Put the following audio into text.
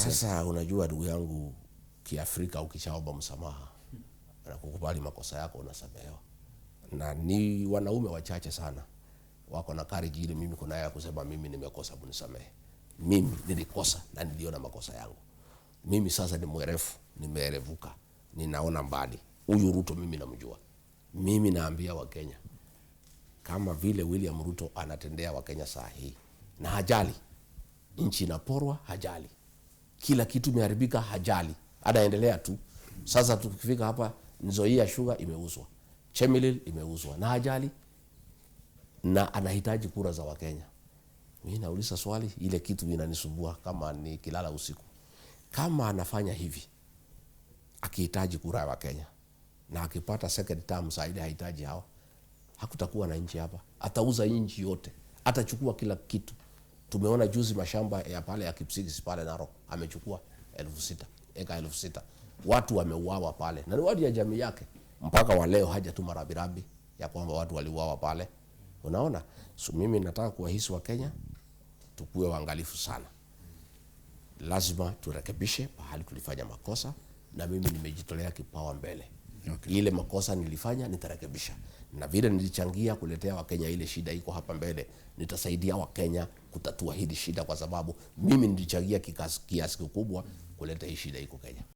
Sasa unajua ndugu yangu, Kiafrika ukishaomba msamaha na kukubali makosa yako unasamehewa, na ni wanaume wachache sana wako na courage ile mimi kuna ya kusema mimi nimekosa, mnisamehe, mimi nilikosa na niliona makosa yangu, mimi sasa ni mwerefu, nimeerevuka, ninaona mbali. Huyu Ruto mimi namjua, mimi naambia Wakenya kama vile William Ruto anatendea Wakenya saa hii na hajali nchi inaporwa, hajali kila kitu imeharibika, hajali, anaendelea tu. Sasa tukifika hapa, Nzoia Sugar imeuzwa, Chemelil imeuzwa na hajali, na anahitaji kura za Wakenya. Mi nauliza swali, ile kitu inanisumbua kama kilala usiku, kama anafanya hivi akihitaji kura ya Wakenya na akipata second term zaidi hahitaji hawa, hakutakuwa na nchi hapa. Atauza nchi yote, atachukua kila kitu. Tumeona juzi mashamba ya pale ya Kipsigis pale Narok amechukua elfu sita eka elfu sita watu wameuawa pale na ni watu ya jamii yake, mpaka wa leo hajatuma rabirabi ya kwamba watu waliuawa pale. Unaona, so mimi nataka kuwahisi wa Kenya tukue waangalifu sana, lazima turekebishe pahali tulifanya makosa, na mimi nimejitolea kipawa mbele okay. Ile makosa nilifanya nitarekebisha, na vile nilichangia kuletea Wakenya ile shida iko hapa mbele, nitasaidia Wakenya kutatua hili shida, kwa sababu mimi nilichangia kiasi kikubwa kuleta hii shida iko Kenya.